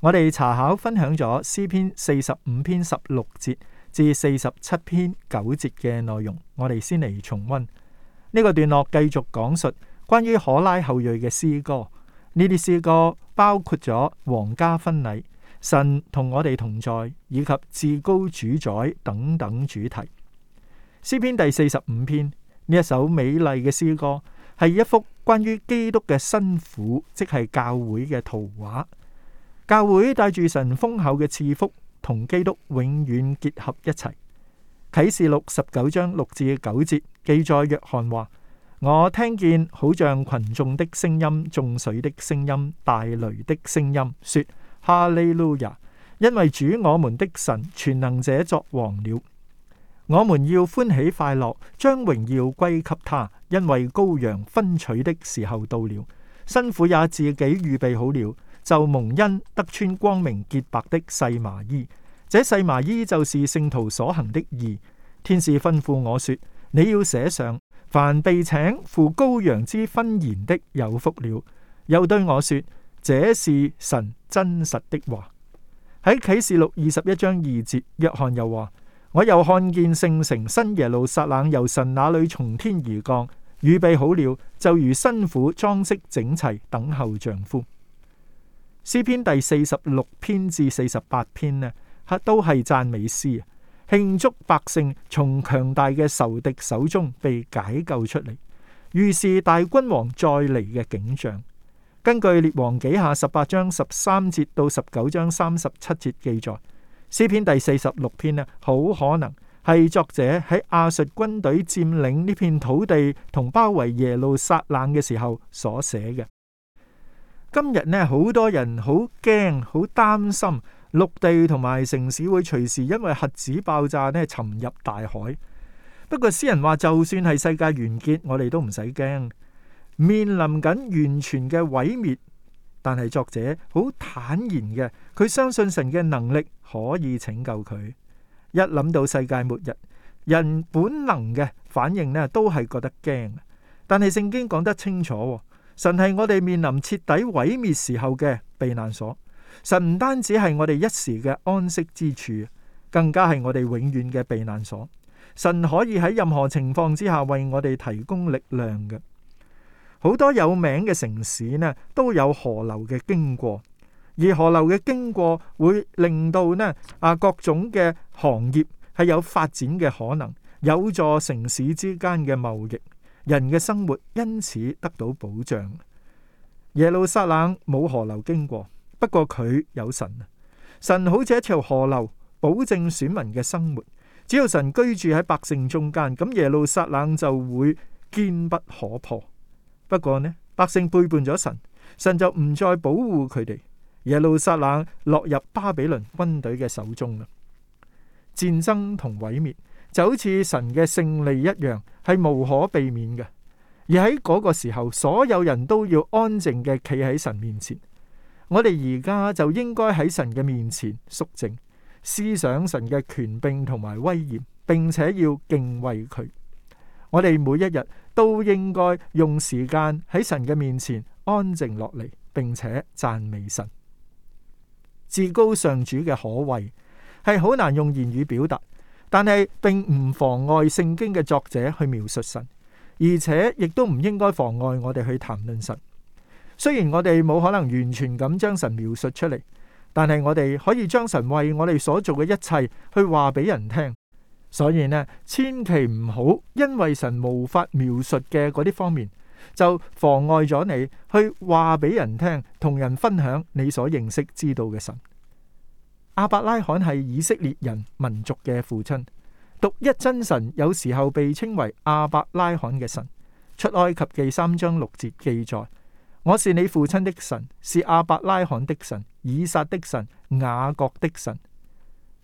我哋查考分享咗詩篇四十五篇十六節至四十七篇九節嘅內容，我哋先嚟重温呢、這個段落，繼續講述關於可拉後裔嘅詩歌。呢啲詩歌包括咗皇家婚禮、神同我哋同在以及至高主宰等等主題。詩篇第四十五篇呢一首美麗嘅詩歌，係一幅關於基督嘅新婦，即係教會嘅圖畫。教會帶住神豐厚嘅賜福，同基督永遠結合一齊。啟示錄十九章六至九節記載，約翰話： 我聽見好像群眾的聲音、眾水的聲音、大雷的聲音，說：哈利路亞！因為主我們的神全能者作王了。我們要歡喜快樂，將榮耀歸給他，因為羔羊分取的時候到了，辛苦也自己預備好了。就蒙恩得穿光明潔白的細麻衣，這細麻衣就是聖徒所行的義。天使吩咐我說：你要寫上，凡被請赴羔羊之婚筵的有福了。又對我說：這是神真實的話。喺啟示錄二十一章二節，約翰又話：我又看見聖城新耶路撒冷由神那裏從天而降，預備好了，就如新婦裝飾整齊，等候丈夫。詩篇第四十六篇至四十八篇呢，都係讚美詩，慶祝百姓從強大嘅仇敵手中被解救出嚟，預示大君王再嚟嘅景象。根據《列王紀下》十八章十三節到十九章三十七節記載，詩篇第四十六篇呢，好可能係作者喺亞述軍隊佔領呢片土地同包圍耶路撒冷嘅時候所寫嘅。今日呢，好多人好驚、好擔心，陸地同埋城市會隨時因為核子爆炸呢沉入大海。不過詩人話，就算係世界完結，我哋都唔使驚。面臨緊完全嘅毀滅，但係作者好坦然嘅，佢相信神嘅能力可以拯救佢。一諗到世界末日，人本能嘅反應呢都係覺得驚。但係聖經講得清楚喎。神係我哋面臨徹底毀滅時候嘅避難所，神唔單止係我哋一時嘅安息之處，更加係我哋永遠嘅避難所。神可以喺任何情況之下為我哋提供力量嘅。好多有名嘅城市呢都有河流嘅經過，而河流嘅經過會令到呢啊各種嘅行業係有發展嘅可能，有助城市之間嘅貿易。人嘅生活因此得到保障。耶路撒冷冇河流經過，不過佢有神。神好似一條河流，保證選民嘅生活。只要神居住喺百姓中間，咁耶路撒冷就會堅不可破。不過呢，百姓背叛咗神，神就唔再保護佢哋。耶路撒冷落入巴比倫軍隊嘅手中啦，戰爭同毀滅。就好似神嘅勝利一樣，係無可避免嘅。而喺嗰個時候，所有人都要安靜嘅企喺神面前。我哋而家就應該喺神嘅面前肅靜，思想神嘅權柄同埋威嚴，並且要敬畏佢。我哋每一日都應該用時間喺神嘅面前安靜落嚟，並且讚美神。至高上主嘅可畏，係好難用言語表達。但係並唔妨礙聖經嘅作者去描述神，而且亦都唔應該妨礙我哋去談論神。雖然我哋冇可能完全咁將神描述出嚟，但係我哋可以將神為我哋所做嘅一切去話俾人聽。所以呢，千祈唔好因為神無法描述嘅嗰啲方面，就妨礙咗你去話俾人聽，同人分享你所認識知道嘅神。亞伯拉罕係以色列人民族嘅父親，獨一真神有時候被稱為亞伯拉罕嘅神。出埃及記三章六節記載：我是你父親的神，是亞伯拉罕的神、以撒的神、雅各的神。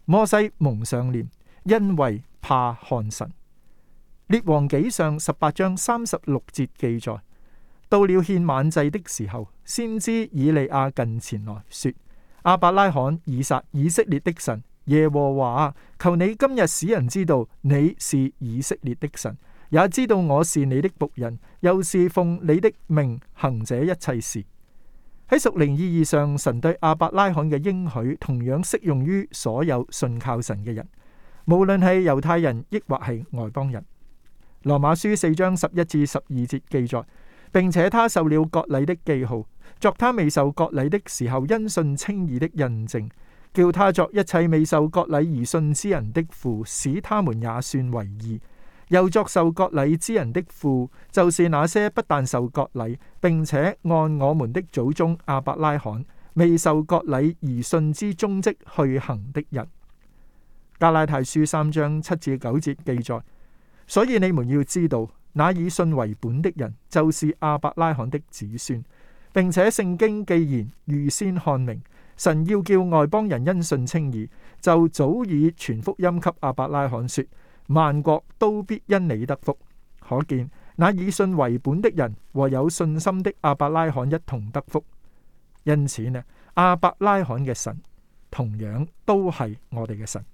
摩西蒙上臉，因為怕看神。列王紀上十八章三十六節記載：到了獻晚祭的時候，先知以利亞近前來說。亞伯拉罕、以撒、以色列的神耶和華，求你今日使人知道你是以色列的神，也知道我是你的僕人，又是奉你的命行這一切事。喺屬靈意義上，神對亞伯拉罕嘅應許同樣適用於所有信靠神嘅人，無論係猶太人抑或係外邦人。羅馬書四章十一至十二節記載，並且他受了割禮的記號。作他未受割禮的時候，因信稱義的印證，叫他作一切未受割禮而信之人的父，使他們也算為義。又作受割禮之人的父，就是那些不但受割禮，並且按我們的祖宗亞伯拉罕未受割禮而信之蹤迹去行的人。加拉太書三章七至九節記載，所以你們要知道，那以信為本的人，就是亞伯拉罕的子孫。並且聖經既然預先看明，神要叫外邦人因信稱義，就早已傳福音給亞伯拉罕說：萬國都必因你得福。可見那以信為本的人和有信心的亞伯拉罕一同得福。因此呢，亞伯拉罕嘅神同樣都係我哋嘅神。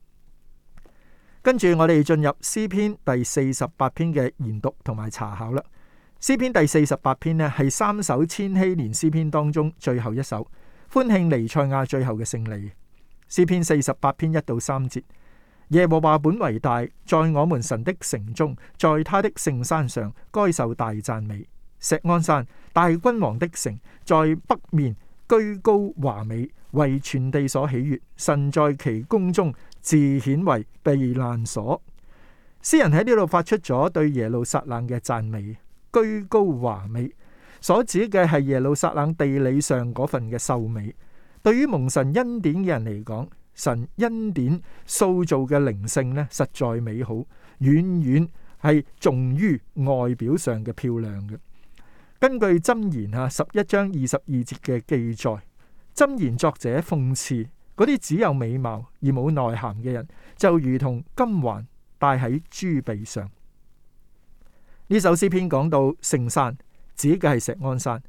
跟住我哋進入詩篇第四十八篇嘅研讀同埋查考啦。詩篇第四十八篇呢，係三首千禧年詩篇當中最後一首，歡慶彌賽亞最後嘅勝利。詩篇四十八篇一到三節，耶和華本為大，在我們神的城中，在他的聖山上，該受大讚美。錫安山，大君王的城，在北面居高華美，為全地所喜悅。神在其宮中自顯為避難所。詩人喺呢度發出咗對耶路撒冷嘅讚美。居高華美所指嘅係耶路撒冷地理上嗰份嘅秀美，對於蒙神恩典嘅人嚟講，神恩典塑造嘅靈性呢，實在美好，遠遠係重於外表上嘅漂亮嘅。根據箴言啊十一章二十二節嘅記載，箴言作者諷刺嗰啲只有美貌而冇內涵嘅人，就如同金環戴喺豬鼻上。呢首詩篇講到聖山指嘅係錫安山。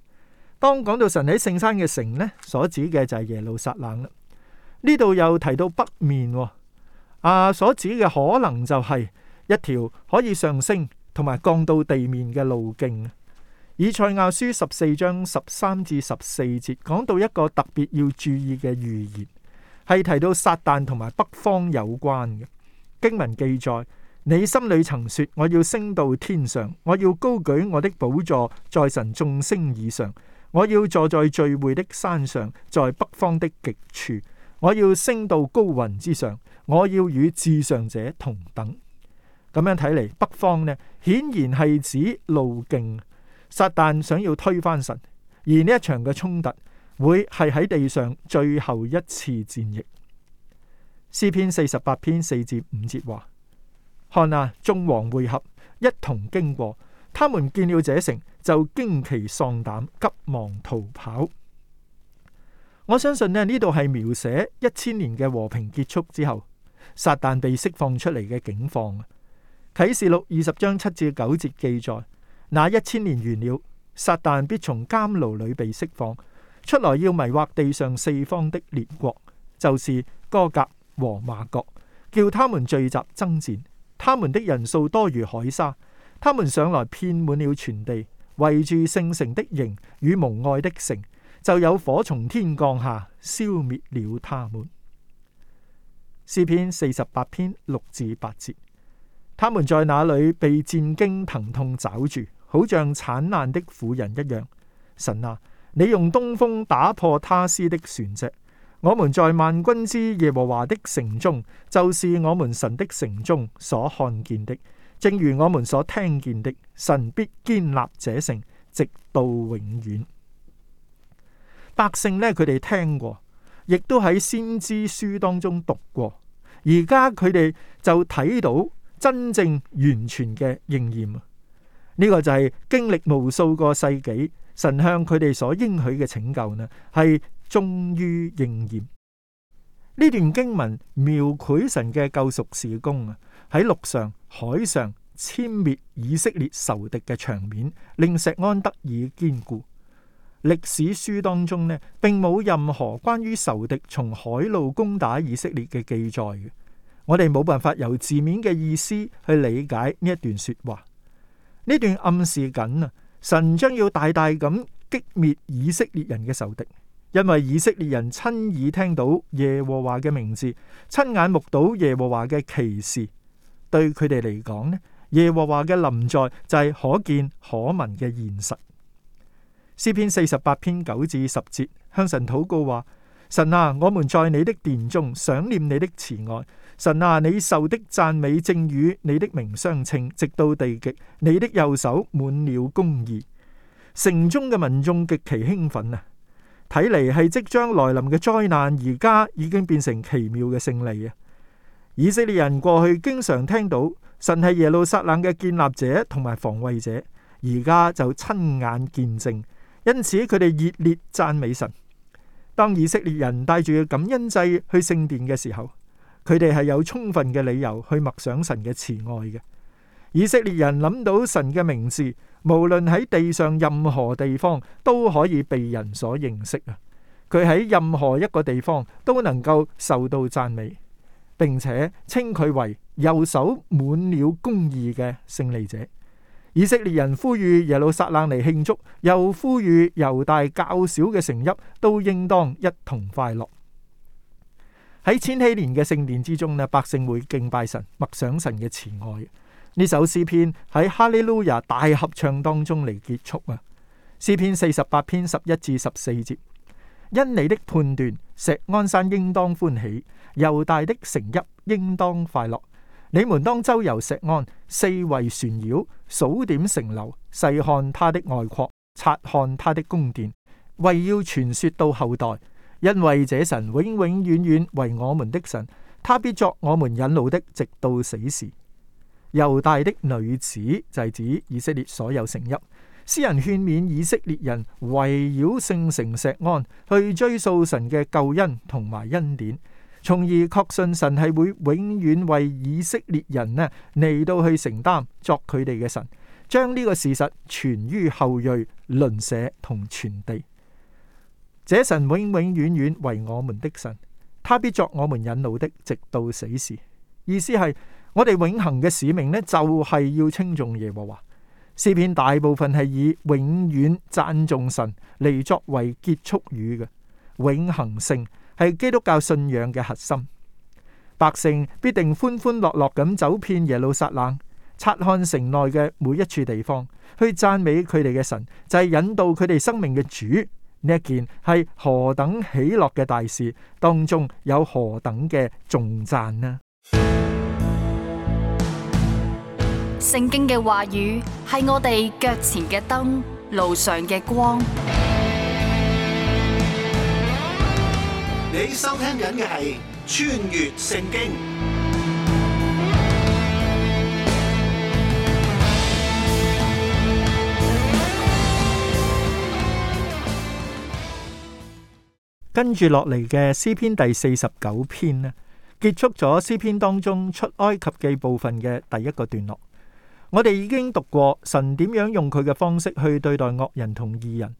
當講到神喺聖山嘅城呢，所指嘅就係耶路撒冷啦。呢度又提到北面，啊，所指嘅可能就係一條可以上升同埋降到地面嘅路徑。以賽亞書十四章十三至十四節講到一個特別要注意嘅預言，係提到撒旦同埋北方有關嘅經文記載。你心裡曾說：我要升到天上，我要高舉我的寶座，在神眾星以上；我要坐在聚會的山上，在北方的極處。我要升到高雲之上，我要與至上者同等。咁樣睇嚟，北方呢，顯然係指路徑。撒旦想要推翻神，而呢一場嘅衝突會係喺地上最後一次戰役。詩篇四十八篇四至五節話。看啊，眾王會合，一同經過。他們見了這城，就驚奇喪膽，急忙逃跑。我相信咧，呢度係描寫一千年嘅和平結束之後，撒旦被釋放出嚟嘅境況。啟示錄二十章七至九節記載：那一千年完了，撒旦必從監牢裏被釋放，出來要迷惑地上四方的列國，就是歌革和瑪各，叫他們聚集爭戰。他們的人數多如海沙，他們上來遍滿了全地，圍住聖城的營與蒙愛的城，就有火從天降下，消滅了他們。詩篇四十八篇六至八節，他們在那裏被戰兢疼痛抓住，好像產難的婦人一樣。神啊，你用東風打破他施的船隻。我們在萬軍之耶和華的城中，就是我們神的城中所看見的，正如我們所聽見的，神必堅立這城直到永遠。百姓呢，佢哋聽過，亦都喺先知書當中讀過，而家佢哋就睇到真正完全嘅應驗呢、呢個就係經歷無數個世紀，神向佢哋所應許嘅拯救呢，係。終於應驗呢，段經文，描繪神嘅救贖事功，啊。喺陸上、海上殲滅以色列仇敵嘅場面，令錫安得以堅固。歷史書當中呢，並冇任何關於仇敵從海路攻打以色列嘅記載嘅。我哋冇辦法由字面嘅意思去理解呢一段說話。呢段暗示緊啊，神將要大大咁擊滅以色列人嘅仇敵。因為以色列人親耳聽到耶和華嘅名字，親眼目睹耶和華嘅奇事，對佢哋嚟講呢，耶和華嘅臨在就係可見可聞嘅現實。詩篇四十八篇九至十節，向神禱告話：神啊，我們在你的殿中想念你的慈愛；神啊，你受的讚美正與你的名相稱，直到地極。你的右手滿了公義。城中嘅民眾極其興奮啊！睇嚟係即將來臨嘅災難，而家已經變成奇妙嘅勝利啊！以色列人過去經常聽到神係耶路撒冷嘅建立者同埋防衞者，而家就親眼見證，因此佢哋熱烈讚美神。當以色列人帶住感恩祭去聖殿嘅時候，佢哋係有充分嘅理由去默想神嘅慈愛嘅。以色列人諗到神嘅名字，無論喺地上任何地方都可以被人所認識啊！佢喺任何一個地方都能夠受到讚美，並且稱佢為右手滿了公義嘅勝利者。以色列人呼籲耶路撒冷嚟慶祝，又呼籲猶大較小嘅城邑都應當一同快樂。喺千禧年嘅聖殿之中咧，百姓會敬拜神，默想神嘅慈愛。呢首詩篇喺哈利路亞大合唱當中嚟結束啊！詩篇四十八篇十一至十四節：因你的判斷，錫安山應當歡喜；猶大的城邑應當快樂。你們當周遊錫安，四圍旋繞，數點城樓，細看他的外擴，察看他的宮殿，為要傳說到後代。因為這神永永遠遠為我們的神，他必作我們引路的，直到死時。猶大的女子就係、是、指以色列所有城邑，詩人勸勉以色列人圍繞聖城錫安去追溯神嘅救恩同埋恩典，從而確信神係會永遠為以色列人呢嚟到去承擔作佢哋嘅神，將呢個事實傳於後裔、鄰舍同全地。這神永永遠，遠遠為我們的神，他必作我們引路的，直到死時。意思係。我哋永恒嘅使命呢，就係要稱頌耶和華。詩篇大部分係以永遠讚頌神嚟，作為結束語嘅。永恒性係基督教信仰嘅核心。百姓必定歡歡樂樂咁走遍耶路撒冷，察看城內嘅每一處地方，去讚美佢哋嘅神，就係引導佢哋生命嘅主。呢一件係何等喜樂嘅大事，當中有何等嘅頌讚呢？聖經嘅話語係我哋腳前嘅燈，路上嘅光。你收聽緊嘅係穿越聖經，跟住落嚟嘅詩篇第四十九篇呢，結束咗詩篇當中出埃及記部分嘅第一個段落。我哋已經讀過神點樣用佢嘅方式去對待惡人同義人，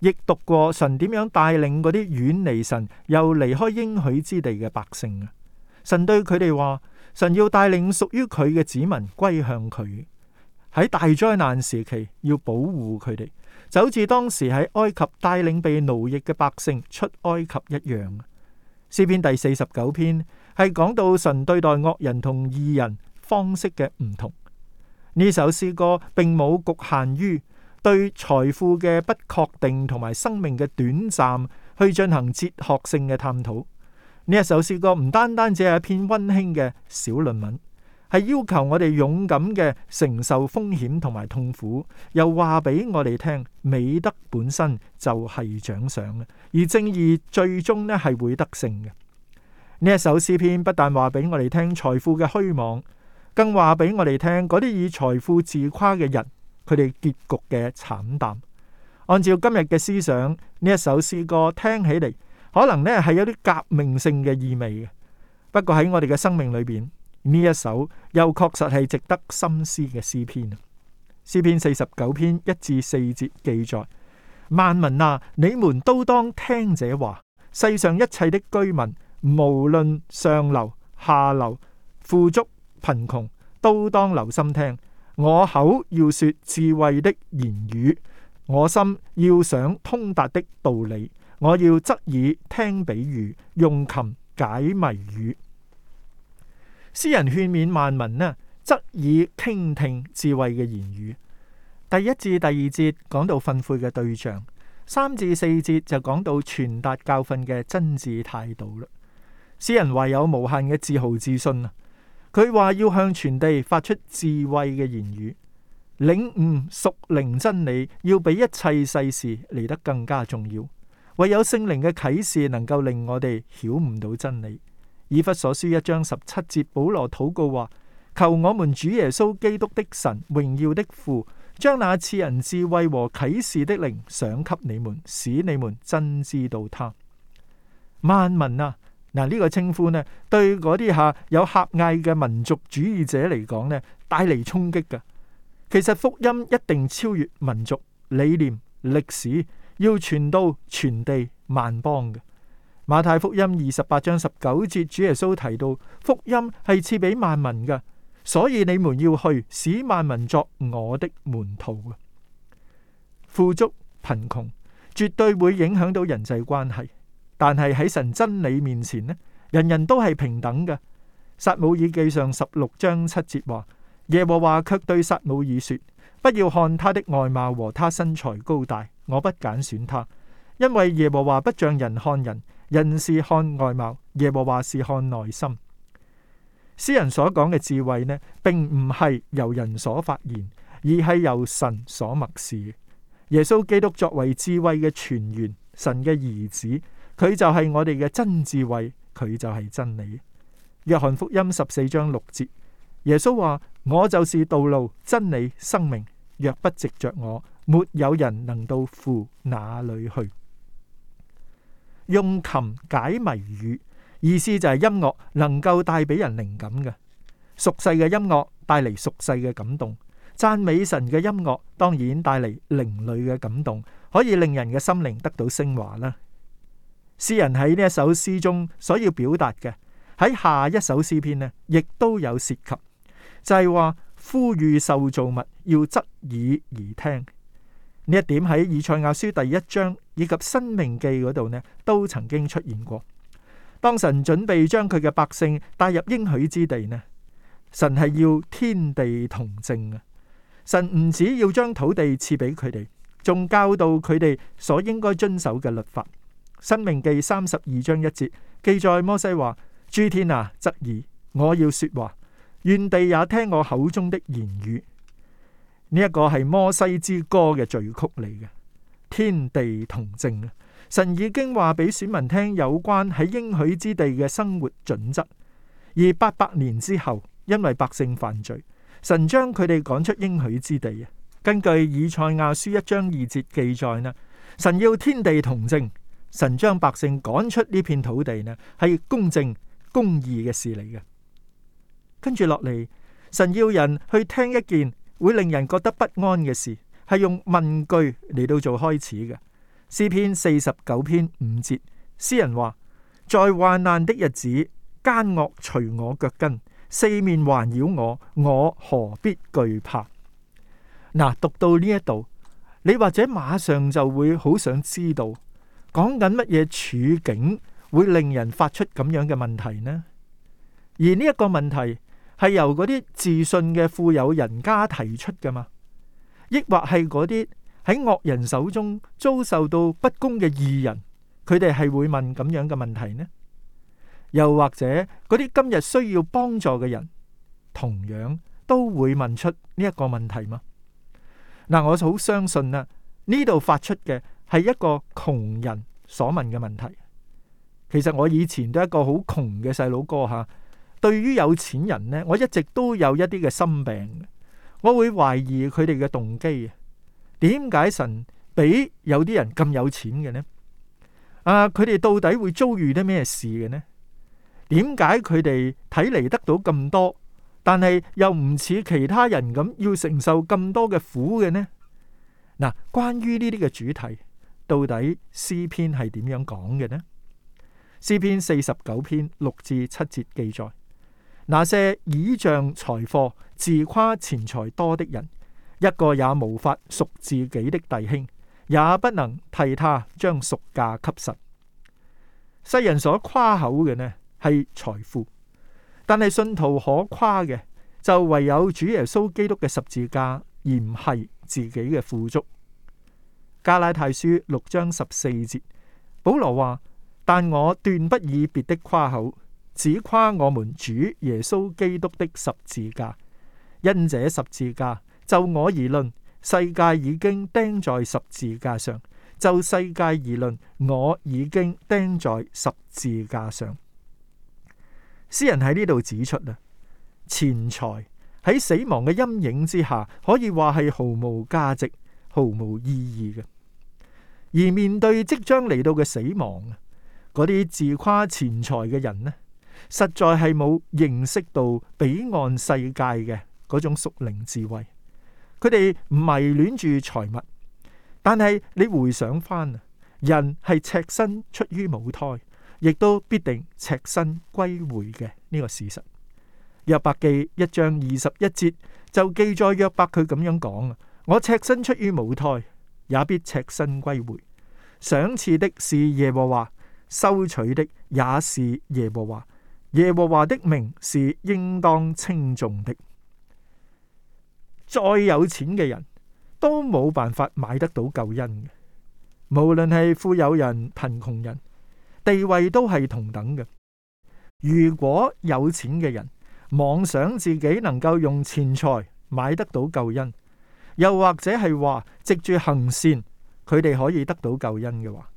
亦讀過神點樣帶領嗰啲遠離神又離開應許之地嘅百姓啊。神對佢哋話：神要帶領屬於佢嘅子民歸向佢，喺大災難時期要保護佢哋，就好似當時喺埃及帶領被奴役嘅百姓出埃及一樣。詩篇第四十九篇係講到神對待惡人同義人方式嘅唔同。呢首詩歌並冇局限於對財富嘅不確定同埋生命嘅短暫去進行哲學性嘅探討。呢一首詩歌唔單單只係一篇溫馨嘅小論文，係要求我哋勇敢嘅承受風險同埋痛苦，又話俾我哋聽美德本身就係獎賞，而正義最終呢係會得勝嘅。呢一首詩篇不但話俾我哋聽財富嘅虛妄。更話俾我哋聽，嗰啲以財富自誇嘅人，佢哋結局嘅慘淡。按照今日嘅思想，呢一首詩歌聽起嚟可能咧係有啲革命性嘅意味嘅。不過喺我哋嘅生命裏邊，呢一首又確實係值得深思嘅詩篇。詩篇四十九篇一至四節記載：萬民啊，你們都當聽者話，世上一切的居民，無論上流下流，富足，貧窮都當留心聽，我口要說智慧的言語，我心要想通達的道理。我要側耳聽比喻，用琴解謎語。詩人勸勉萬民呢，側耳傾聽智慧嘅言語。第一至第二節講到訓誨嘅對象，三至四節就講到傳達教訓嘅真摯態度啦。詩人懷有無限嘅自豪自信啊！佢話要向全地發出智慧嘅言語，領悟屬靈真理，要比一切世事嚟得更加重要。唯有聖靈嘅啟示能夠令我哋曉悟到真理。以弗所書一章十七節，保羅禱告話：求我們主耶穌基督的神，榮耀的父，將那賜人智慧和啟示的靈賞給你們，使你們真知道他。萬民啊！嗱，呢個稱呼呢，對嗰啲吓有狹隘嘅民族主義者嚟講呢，帶嚟衝擊噶。其實福音一定超越民族理念、歷史，要傳到全地萬邦嘅。馬太福音二十八章十九節，主耶穌提到福音係賜俾萬民嘅，所以你們要去，使萬民作我的門徒啊。富足貧窮絕對會影響到人際關係。但係喺神真理面前呢，人人都係平等嘅。撒母耳記上十六章七節話：耶和華卻對撒母耳說，不要看他的外貌和他身材高大，我不揀選他，因為耶和華不像人看人，人是看外貌，耶和華是看內心。詩人所講嘅智慧呢，並唔係由人所發現，而係由神所默示。耶穌基督作為智慧嘅全源，神嘅兒子。佢就係我哋嘅真智慧，佢就係真理。約翰福音十四章六節，耶穌話：我就是道路、真理、生命，若不藉着我，沒有人能到父那裏去。用琴解謎語，意思就係音樂能夠帶俾人靈感嘅。俗世嘅音樂帶嚟俗世嘅感動，讚美神嘅音樂當然帶嚟靈裏嘅感動，可以令人嘅心靈得到升華啦。詩人喺呢一首詩中所要表達嘅，喺下一首詩篇呢，亦都有涉及，就係、是、話呼籲受造物要側耳而聽。呢一點喺以賽亞書第一章以及申命記嗰度呢，都曾經出現過。當神準備將佢嘅百姓帶入應許之地呢，神係要天地同正啊。神唔止要將土地賜俾佢哋，仲教導佢哋所應該遵守嘅律法。申命記》三十二章一節記載，摩西話：，諸天啊，側耳我要說話，願地也聽我口中的言語。呢一個係摩西之歌嘅序曲嚟嘅，天地同正，神已經話俾選民聽有關喺應許之地嘅生活準則。而八百年之後，因為百姓犯罪，神將佢哋趕出應許之地啊。根據以賽亞書一章二節記載啦，神要天地同正。神將百姓趕出呢片土地呢，係公正公義嘅事嚟嘅。跟住落嚟，神要人去聽一件會令人覺得不安嘅事，係用問句嚟到做開始嘅。詩篇四十九篇五節，詩人話：在患難的日子，奸惡隨我腳跟，四面環繞我，我何必懼怕？嗱，讀到呢一度，你或者馬上就會好想知道。講緊乜嘢處境會令人發出咁樣嘅問題呢？而呢一個問題係由嗰啲自信嘅富有人家提出㗎嘛？抑或係嗰啲喺惡人手中遭受到不公嘅義人，佢哋係會問咁樣嘅問題呢？又或者嗰啲今日需要幫助嘅人，同樣都會問出呢一個問題嘛？嗱，我好相信啦，呢度發出嘅。係一個窮人所問嘅問題。其實我以前都係一個好窮嘅細佬哥吓。對於有錢人呢，我一直都有一啲嘅心病。我會懷疑佢哋嘅動機。點解神俾有啲人咁有錢嘅呢？啊，佢哋到底會遭遇啲咩事嘅呢？點解佢哋睇嚟得到咁多，但係又唔似其他人咁要承受咁多嘅苦嘅呢？嗱，啊，關於呢啲嘅主題。到底詩篇係點樣講嘅呢？詩篇四十九篇六至七節記載，那些倚仗財貨、自誇錢財多的人，一個也無法贖自己的弟兄，也不能替他將贖價給神。世人所誇口嘅呢，係財富，但係信徒可誇嘅就唯有主耶穌基督嘅十字架，而唔係自己嘅富足。加拉太書六章十四節，保羅話：但我斷不以別的誇口，只誇我們主耶穌基督的十字架。因這十字架，就我而論，世界已經釘在十字架上；就世界而論，我已經釘在十字架上。詩人喺呢度指出啊，錢財喺死亡嘅陰影之下，可以話係毫無價值、毫無意義嘅。而面對即將嚟到嘅死亡，嗰啲自誇錢財嘅人呢，實在係冇認識到彼岸世界嘅嗰種屬靈智慧。佢哋迷戀住財物，但係你回想返，人係赤身出於母胎，亦都必定赤身歸回嘅呢、這個事實。約伯記一章二十一節就記載約伯佢咁樣講：，我赤身出於母胎。也必赤身歸回，賞賜的是耶和華，收取的也是耶和華。耶和華的名是應當稱頌的。再有錢嘅人都冇辦法買得到救恩嘅，無論係富有人貧窮人，地位都係同等嘅。如果有錢嘅人妄想自己能夠用錢財買得到救恩，又或者係話，藉住行善，佢哋可以得到救恩嘅話，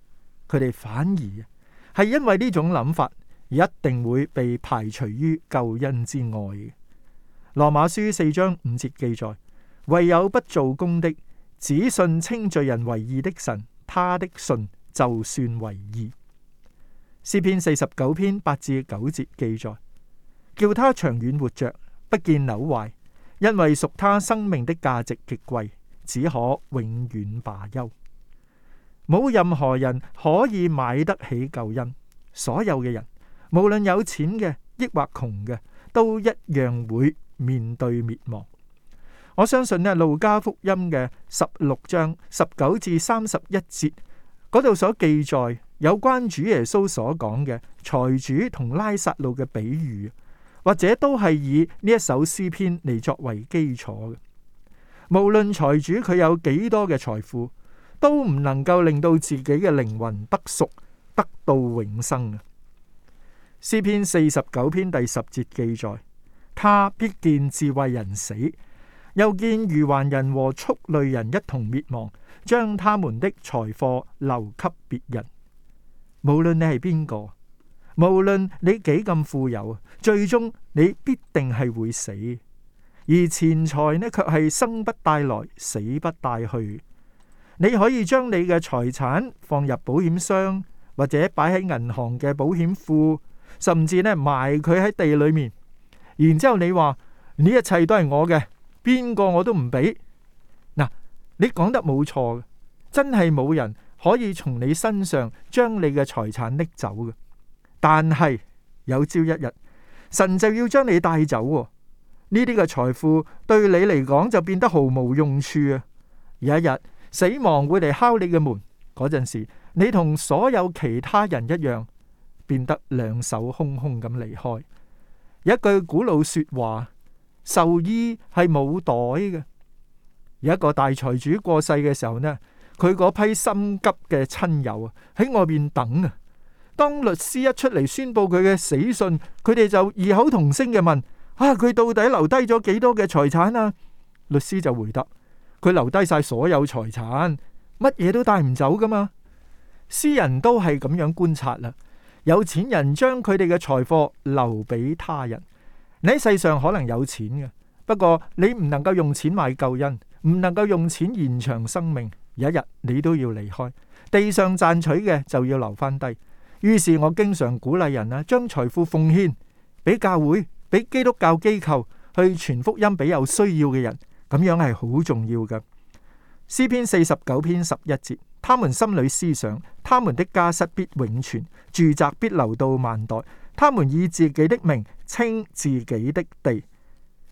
佢哋反而係因為呢種諗法，一定會被排除於救恩之外嘅。羅馬書四章五節記載：唯有不做工的，只信稱罪人為義的神，他的信就算為義。詩篇四十九篇八至九節記載：叫他長遠活着，不見朽壞。因為贖他生命的價值極貴，只可永遠罷休。冇任何人可以買得起救恩。所有嘅人，無論有錢嘅，抑或窮嘅，都一樣會面對滅亡。我相信呢路加福音嘅十六章十九至三十一節嗰度所記載有關主耶穌所講嘅財主同拉撒路嘅比喻。或者都係以呢一首詩篇嚟，作為基礎嘅，無論財主佢有幾多嘅財富，都唔能夠令到自己嘅靈魂得贖，得到永生嘅。詩篇四十九篇第十節記載：他必見智慧人死，又見愚頑人和畜類人一同滅亡，將他們的財貨留給別人。無論你係邊個。無論你幾咁富有，最終你必定係會死。而錢財呢，卻係生不帶來，死不帶去。你可以將你嘅財產放入保險箱，或者擺喺銀行嘅保險庫，甚至呢埋佢喺地裏面。然之後你話呢一切都係我嘅，邊個我都唔俾。嗱，你講得冇錯，真係冇人可以從你身上將你嘅財產拎走嘅。但係有朝一日，神就要將你帶走喎。呢啲嘅財富對你嚟講就變得毫無用處啊！有一日死亡會嚟敲你嘅門，嗰陣時你同所有其他人一樣，變得兩手空空咁離開。有一句古老說話：壽衣係冇袋嘅。有一個大財主過世嘅時候呢，佢嗰批心急嘅親友啊，喺外面等啊。當律師一出嚟宣布佢嘅死訊，佢哋就異口同聲嘅問：啊，佢到底留低咗幾多嘅財產啊？律師就回答：佢留低晒所有財產，乜嘢都帶唔走噶嘛。詩人都係咁樣觀察啦。有錢人將佢哋嘅財貨留俾他人。你喺世上可能有錢嘅，不過你唔能夠用錢買救恩，唔能夠用錢延長生命。有一日你都要離開，地上賺取嘅就要留翻低。於是我經常鼓勵人啊，將財富奉獻俾教會、俾基督教機構去傳福音俾有需要嘅人，咁樣係好重要嘅。詩篇四十九篇十一節，他們心裏思想，他們的家室必永存，住宅必留到萬代。他們以自己的名稱自己的地，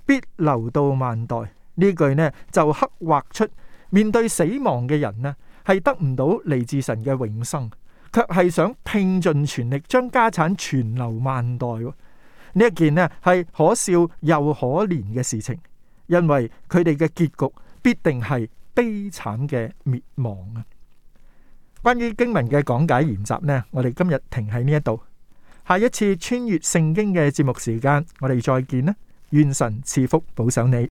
必留到萬代。呢句呢就刻畫出面對死亡嘅人呢、啊、係得唔到嚟自神嘅永生。卻係想拼盡全力將家產存留萬代，呢一件呢係可笑又可憐嘅事情，因為佢哋嘅結局必定係悲慘嘅滅亡啊！關於經文嘅講解研習呢，我哋今日停喺呢一度，下一次穿越聖經嘅節目時間，我哋再見啦！願神賜福保守你。